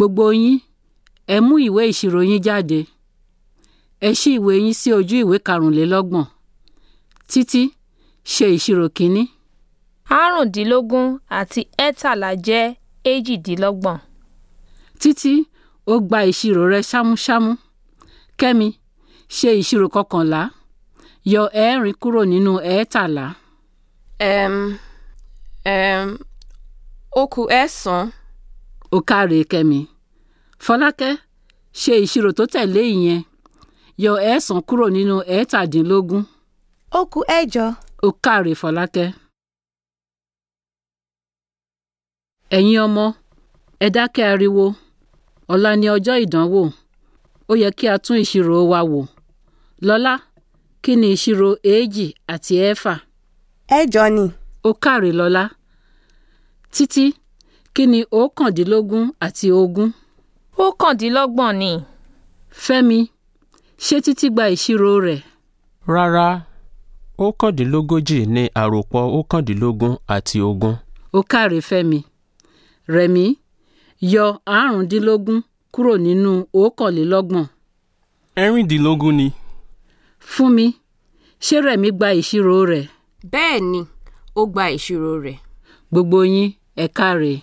gbogbo yín ẹ mú ìwé ìṣirò yín jáde ẹ ṣí ìwé yín sí ojú ìwé karùnlélọ́gbọ̀n títí ṣe ìṣirò kínní. àrùndínlógún àti ẹ̀tàlá jẹ́ èjìdínlọ́gbọ̀n. títí ó gba ìṣirò rẹ ṣámúṣámú kẹ́mi ṣe ìṣirò kọkànlá yọ ẹ̀ẹ́rin kúrò nínú ẹ̀ẹ́tàlá. um, ẹ̀ẹ́m ó kù ẹ̀sán ó káre kẹ́mi fọlákẹ́ ṣe ìṣirò tó tẹ̀lé ìyẹn yọ ẹ̀ẹ́sán kúrò nínú ẹ̀ẹ́tàdínlógún. ó kù ẹ̀jọ. ó káre fọlákẹ́. ẹ̀yin ọmọ ẹ dákẹ́ ariwo ọ̀la ni ọjọ́ ìdánwò ó yẹ kí a tún ìṣirò wa wò lọ́lá kí ni ìṣirò èèjì àti ẹ̀fà. ẹ̀jọ ni. ó káre lọ́lá títí Kí ni oókàndínlógún àti ogún? Oókàndínlọ́gbọ̀n ni. Fẹ́mi, ṣé Títí gba ìṣirò rẹ̀? Rárá, oókàndínlógójì ni àròpọ̀ oókàndínlógún àti ogún. Ó kàre Fẹ́mi. Rẹ̀mí, yọ àrùndínlógún kúrò nínú oókànlélọ́gbọ̀n. Ẹ̀rìndínlógún ni. Fún mi, ṣé Rẹ̀mí gba ìṣirò rẹ̀? Bẹ́ẹ̀ni, ó gba ìṣirò rẹ̀. Gbogbo yín, ẹ kàre.